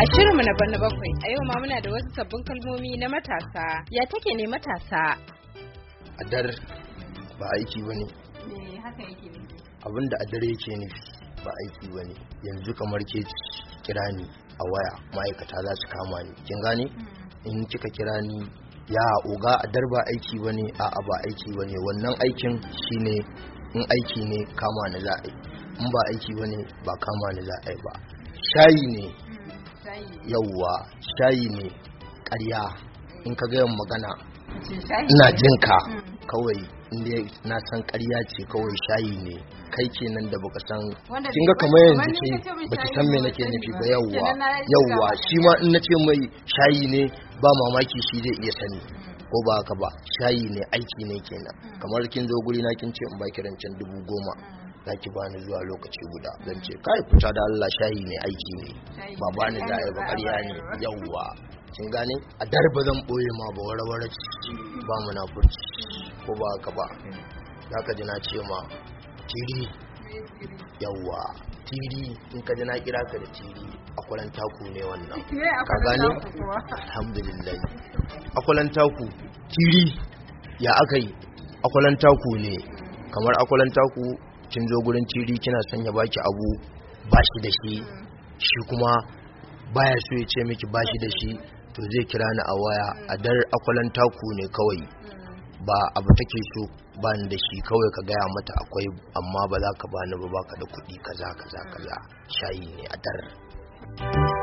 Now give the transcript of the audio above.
A shirinmu na bana bakwai a yau ma muna da wasu sabbin kalmomi na matasa. Ya take ne matasa? Adar ba aiki ba ne. Me haka yake nufi? Abin da adar yake ne ba aiki ba ne. Yanzu kamar ke kira ni a waya ma'aikata za su kama ni. Kin gane? Hmm. In kika kira ni ya oga adar ba aiki ba ne a'a ba aiki ba ne wannan aikin shine in aiki ne kama ni za a yi in ba aiki ba ne ba kama ni za a yi ba shayi ne hmm. yauwa shayi ne ƙarya in ka gaya magana ina jin ka hmm. kawai inda na san ƙarya ce kawai shayi ne kai kenan da baka san kin ga kamar yanzu ce baki san me nake nufi ba yauwa yauwa shi ma in nace mai shayi ne ba mamaki shi zai iya sani hmm. ko ba haka ba shayi ne aiki ne kenan hmm. kamar kin zo guri na kin ce in ba rancen dubu goma za ki bani zuwa lokaci guda zan ce kai fita da Allah shayi ne aiki ne ba bani da ba ƙarya ne yawwa kin gane a darba zan boye ma ba warware ba munafurci ko ba ka ba zaka ji na ce ma tiri yawwa tiri in ka ji na kira ka da tiri akwalan taku ne wannan eh, ka gane alhamdulillah akwalan taku tiri ya aka yi akwalan taku ne kamar akwalan taku kin zo gurin tiri kina son ya baki abu ba shi da shi shi kuma baya so ya ce miki ba shi da shi to zai kira ni a waya a dar akwalan taku ne kawai ba abu take so ba ni da shi kawai ka gaya mata akwai amma ba za ka bani ba baka da kuɗi kaza kaza kaza shayi ne a dar